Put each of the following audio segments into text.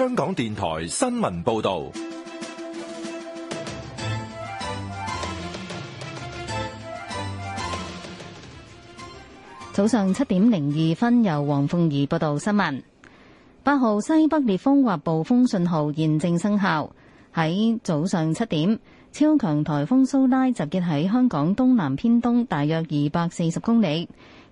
香港電台新聞報道，早上七點零二分，由黃鳳儀報道新聞。八號西北烈風或暴風信號現正生效。喺早上七點，超強台風蘇拉集結喺香港東南偏東大約二百四十公里。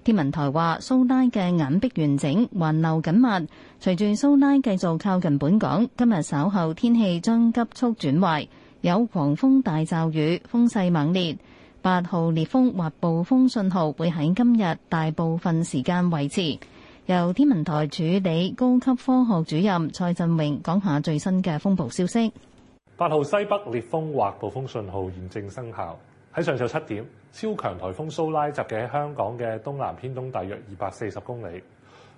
天文台話蘇拉嘅眼壁完整，環流緊密。隨住蘇拉繼續靠近本港，今日稍後天氣將急速轉壞，有狂風大驟雨，風勢猛烈。八號烈風或暴風信號會喺今日大部分時間維持。由天文台助理高級科學主任蔡振榮講下最新嘅風暴消息。八號西北烈風或暴風信號現正生效，喺上晝七點。超強台風蘇拉集結喺香港嘅東南偏東大約二百四十公里，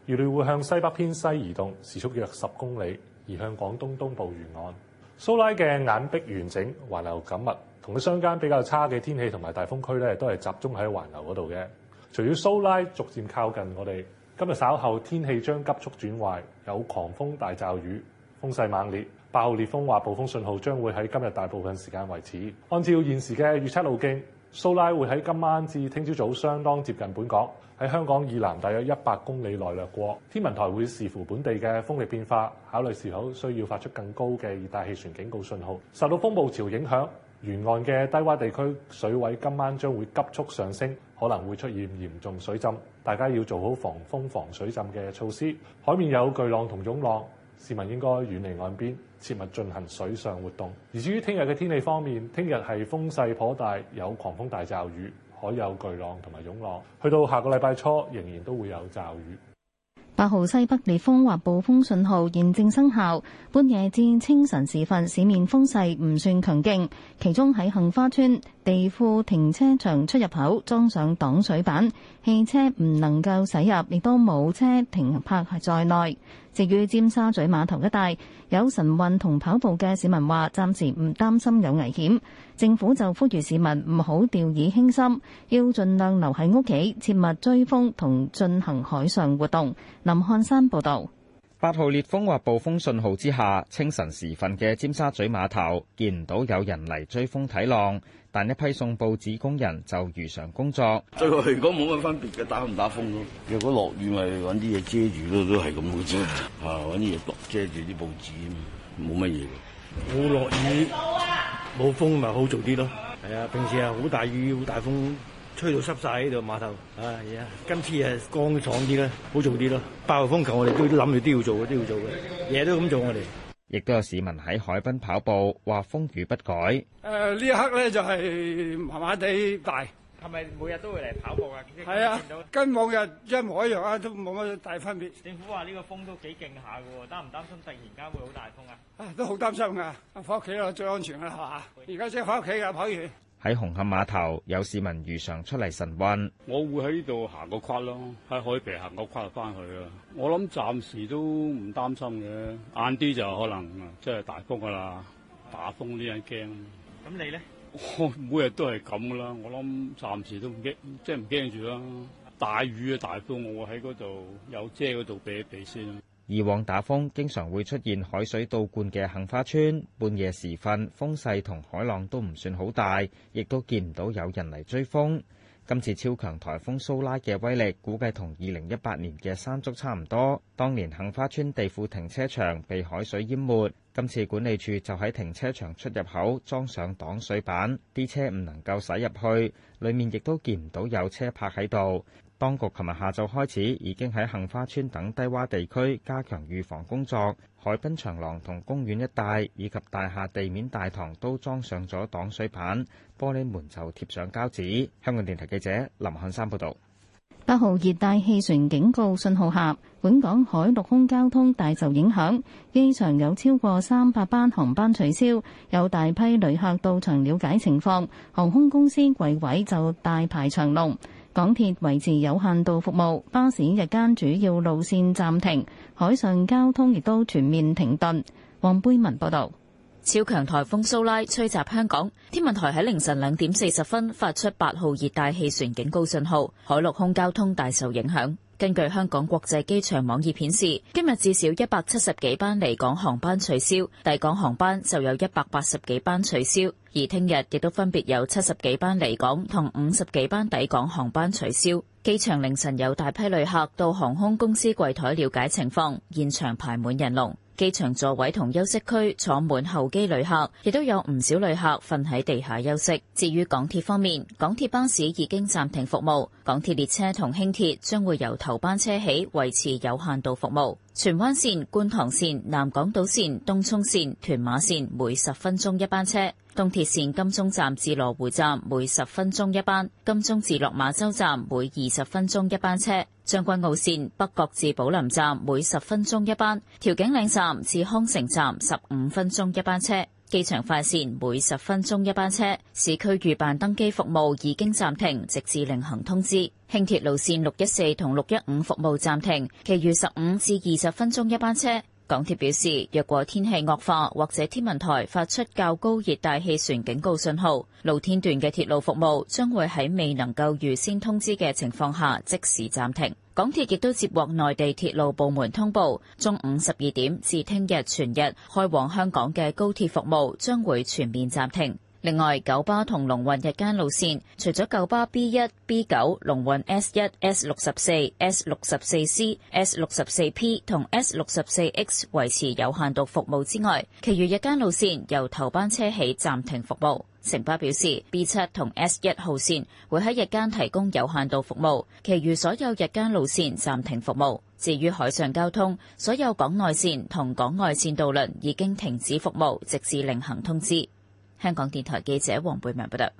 預料會向西北偏西移動時速約十公里，移向廣東東部沿岸。蘇拉嘅眼壁完整，環流緊密，同佢相間比較差嘅天氣同埋大風區咧，都係集中喺環流嗰度嘅。隨住蘇拉逐漸靠近我，我哋今日稍後天氣將急速轉壞，有狂風大驟雨，風勢猛烈，八號烈風或暴風信號將會喺今日大部分時間維持。按照現時嘅預測路徑。蘇拉會喺今晚至聽朝早早相當接近本港，喺香港以南大約一百公里內掠過。天文台會視乎本地嘅風力變化，考慮是否需要發出更高嘅熱帶氣旋警告信號。受到風暴潮影響，沿岸嘅低洼地區水位今晚將會急速上升，可能會出現嚴重水浸，大家要做好防風防水浸嘅措施。海面有巨浪同湧浪。市民應該遠離岸邊，切勿進行水上活動。而至於聽日嘅天氣方面，聽日係風勢頗大，有狂風大驟雨，海有巨浪同埋湧浪。去到下個禮拜初，仍然都會有驟雨。八號西北烈風或暴風信號現正生效。半夜至清晨時分，市面風勢唔算強勁，其中喺杏花村。地庫停車場出入口裝上擋水板，汽車唔能夠駛入，亦都冇車停泊喺在內。至於尖沙咀碼頭一帶，有晨運同跑步嘅市民話，暫時唔擔心有危險。政府就呼籲市民唔好掉以輕心，要盡量留喺屋企，切勿追風同進行海上活動。林漢山報道。八號烈風或暴風信號之下，清晨時分嘅尖沙咀碼頭見唔到有人嚟追風睇浪，但一批送報紙工人就如常工作。對我嚟講冇乜分別嘅，打唔打風咯？如果落雨咪揾啲嘢遮住咯，都係咁嘅啫。啊，揾啲嘢落遮住啲報紙，冇乜嘢嘅。冇落雨，冇風咪好做啲咯。係啊，平時啊好大雨，好大風。吹到濕曬喺度，碼頭哎呀，今次誒乾爽啲啦，好做啲咯。八號風球我哋都諗住都要做嘅，都要做嘅，嘢都咁做我哋。亦都有市民喺海濱跑步，話風雨不改。誒呢一刻咧就係麻麻地大，係咪每日都會嚟跑步啊？係啊，跟往日一模一樣啊，都冇乜大分別。政府話呢個風都幾勁下㗎喎，擔唔擔心突然間會好大風啊？啊，都好擔心㗎，返屋企咯最安全啦嚇。而家先返屋企㗎，跑完。喺紅磡碼頭有市民如常出嚟晨運，我會喺呢度行個跨咯，喺海皮行個跨就翻去啦。我諗暫時都唔擔心嘅，晏啲就可能即係大風噶啦，打風呢樣驚。咁你咧？我每日都係咁噶啦，我諗暫時都唔驚，即係唔驚住啦。大雨啊，大風我會喺嗰度有遮嗰度避一避先。以往打風經常會出現海水倒灌嘅杏花村，半夜時分風勢同海浪都唔算好大，亦都見唔到有人嚟追風。今次超強颱風蘇拉嘅威力，估計同二零一八年嘅山竹差唔多。當年杏花村地庫停車場被海水淹沒，今次管理處就喺停車場出入口裝上擋水板，啲車唔能夠駛入去，裡面亦都見唔到有車泊喺度。當局琴日下晝開始，已經喺杏花村等低洼地區加強預防工作，海濱長廊同公園一帶以及大廈地面大堂都裝上咗擋水板，玻璃門就貼上膠紙。香港電台記者林漢山報導。八號熱帶氣旋警告信號下，本港海陸空交通大受影響，機場有超過三百班航班取消，有大批旅客到場了解情況，航空公司櫃位就大排長龍。港鐵維持有限度服務，巴士日間主要路線暫停，海上交通亦都全面停頓。黃貝文報道，超強颱風蘇拉吹襲香港，天文台喺凌晨兩點四十分發出八號熱帶氣旋警告信號，海陸空交通大受影響。根據香港國際機場網頁顯示，今日至少一百七十幾班離港航班取消，抵港航班就有一百八十幾班取消，而聽日亦都分別有七十幾班離港同五十幾班抵港航班取消。機場凌晨有大批旅客到航空公司櫃檯了解情況，現場排滿人龍。機場座位同休息區坐滿候機旅客，亦都有唔少旅客瞓喺地下休息。至於港鐵方面，港鐵巴士已經暫停服務，港鐵列車同輕鐵將會由頭班車起維持有限度服務。荃灣線、觀塘線、南港島線、東涌線、屯馬線每十分鐘一班車。東鐵綫金鐘站至羅湖站每十分鐘一班，金鐘至落馬洲站每二十分鐘一班車。將軍澳綫北角至寶林站每十分鐘一班，調景嶺站至康城站十五分鐘一班車，機場快綫每十分鐘一班車。市區預辦登機服務已經暫停，直至另行通知。輕鐵路綫六一四同六一五服務暫停，其餘十五至二十分鐘一班車。港鐵表示，若果天氣惡化或者天文台發出較高熱帶氣旋警告信號，露天段嘅鐵路服務將會喺未能夠預先通知嘅情況下即時暫停。港鐵亦都接獲內地鐵路部門通報，中午十二點至聽日全日開往香港嘅高鐵服務將會全面暫停。另外，九巴同龍運日間路線，除咗九巴 B 一、B 九、龍運 S 一、S 六十四、S 六十四 C、S 六十四 P 同 S 六十四 X 維持有限度服務之外，其餘日間路線由頭班車起暫停服務。城巴表示，B 七同 S 一號線會喺日間提供有限度服務，其餘所有日間路線暫停服務。至於海上交通，所有港內線同港外線渡輪已經停止服務，直至另行通知。香港電台記者王貝文報道，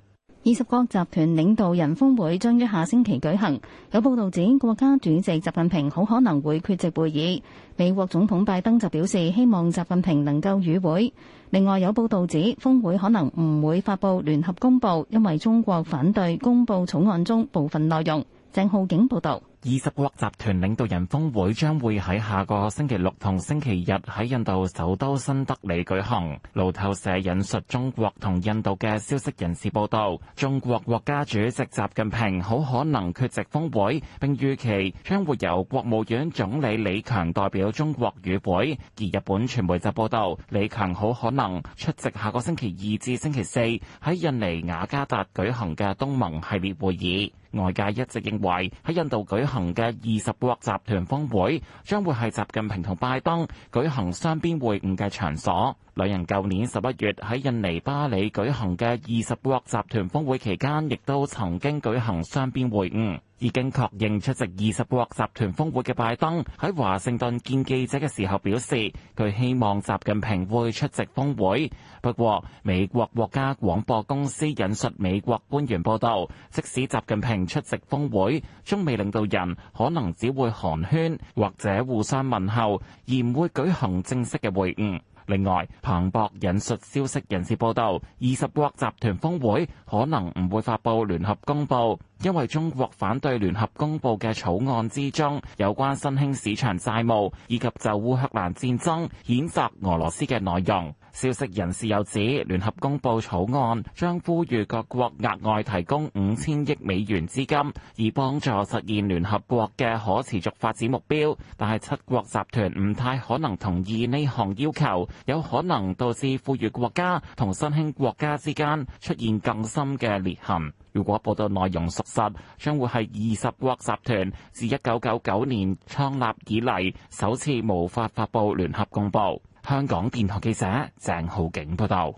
二十國集團領導人峰會將於下星期舉行。有報道指，國家主席習近平好可能會缺席會議。美國總統拜登就表示，希望習近平能夠與會。另外有報道指，峰會可能唔會發布聯合公報，因為中國反對公布草案中部分內容。鄭浩景報道。二十國集團領導人峰會將會喺下個星期六同星期日喺印度首都新德里舉行。路透社引述中國同印度嘅消息人士報道，中國國家主席習近平好可能缺席峰會，並預期將會由國務院總理李強代表中國與會。而日本傳媒就報道，李強好可能出席下個星期二至星期四喺印尼雅加達舉行嘅東盟系列會議。外界一直認為喺印度舉行嘅二十國集團峰會將會係習近平同拜登舉行雙邊會晤嘅場所。兩人舊年十一月喺印尼巴里舉行嘅二十國集團峰會期間，亦都曾經舉行雙邊會晤。已經確認出席二十國集團峰會嘅拜登喺華盛頓見記者嘅時候表示，佢希望習近平會出席峰會。不過，美國國家廣播公司引述美國官員報道，即使習近平出席峰會，中美領導人可能只會寒暄或者互相問候，而唔會舉行正式嘅會晤。另外，彭博引述消息人士報道，二十國集團峰會可能唔會發佈聯合公報，因為中國反對聯合公報嘅草案之中有關新興市場債務以及就烏克蘭戰爭譴責俄羅斯嘅內容。消息人士又指，聯合公布草案將呼籲各國額外提供五千億美元資金，以幫助實現聯合國嘅可持續發展目標。但係七國集團唔太可能同意呢項要求，有可能導致富裕國家同新興國家之間出現更深嘅裂痕。如果報道內容屬實，將會係二十國集團自一九九九年創立以嚟首次無法發布聯合公布。香港電台記者鄭浩景報道。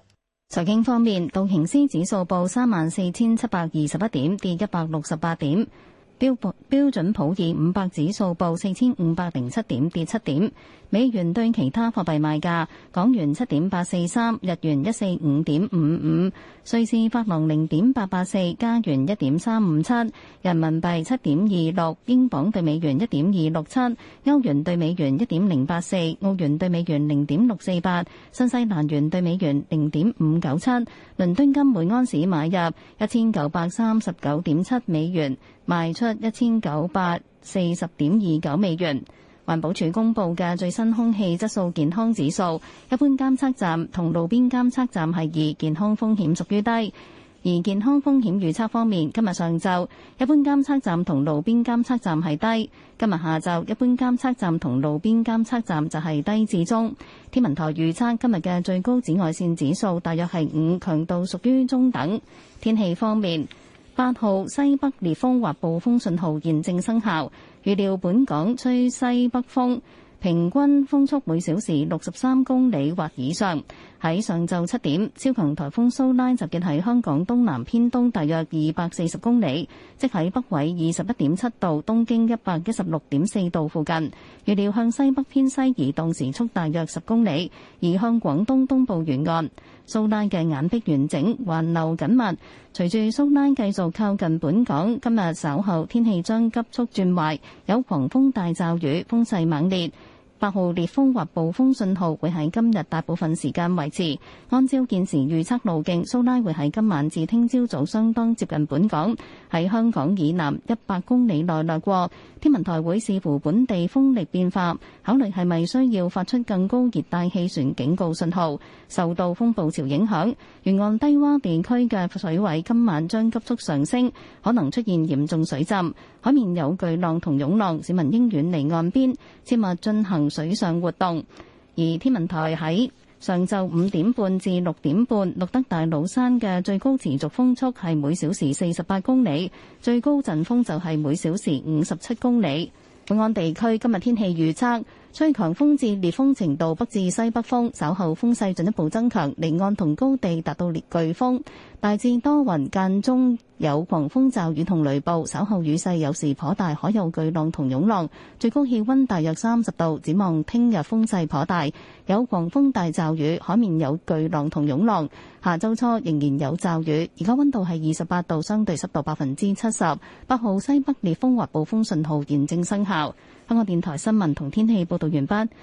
財經方面，道瓊斯指數報三萬四千七百二十一點，跌一百六十八點。標標準普爾五百指數報四千五百零七點，跌七點。美元兌其他貨幣賣價：港元七點八四三，日元一四五點五五，瑞士法郎零點八八四，加元一點三五七，人民幣七點二六，英鎊兌美元一點二六七，歐元兌美元一點零八四，澳元兌美元零點六四八，新西蘭元兌美元零點五九七。倫敦金每安士買入一千九百三十九點七美元。賣出一千九百四十點二九美元。環保署公布嘅最新空氣質素健康指數，一般監測站同路邊監測站係二，健康風險屬於低。而健康風險預測方面，今日上晝一般監測站同路邊監測站係低，今日下晝一般監測站同路邊監測站就係低至中。天文台預測今日嘅最高紫外綫指數大約係五，強度屬於中等。天氣方面。八號西北烈風或暴風信號現正生效，預料本港吹西北風，平均風速每小時六十三公里或以上。喺上晝七點，超強颱風蘇拉集結喺香港東南偏東大約二百四十公里，即喺北緯二十一點七度、東經一百一十六點四度附近。預料向西北偏西移動，時速大約十公里，移向廣東東部沿岸。蘇拉嘅眼壁完整，環流緊密。隨住蘇拉繼續靠近本港，今日稍後天氣將急速轉壞，有狂風大驟雨，風勢猛烈。八號烈風或暴風信號會喺今日大部分時間維持。按照現時預測路徑，蘇拉會喺今晚至聽朝早相當接近本港，喺香港以南一百公里內掠過。天文台會視乎本地風力變化，考慮係咪需要發出更高熱帶氣旋警告信號。受到風暴潮影響，沿岸低洼地區嘅水位今晚將急速上升，可能出現嚴重水浸。海面有巨浪同湧浪，市民應遠離岸邊，切勿進行水上活動，而天文台喺上晝五點半至六點半錄得大老山嘅最高持續風速係每小時四十八公里，最高陣風就係每小時五十七公里。本港地區今日天氣預測，吹強風至烈風程度，北至西北風，稍後風勢進一步增強，離岸同高地達到烈颶風。大致多雲，間中有狂風驟雨同雷暴，稍後雨勢有時頗大，海有巨浪同湧浪。最高氣溫大約三十度，展望聽日風勢頗大，有狂風大驟雨，海面有巨浪同湧浪。下周初仍然有驟雨，而家温度係二十八度，相對濕度百分之七十。八號西北烈風或暴風信號現正生效。香港電台新聞同天氣報道完畢。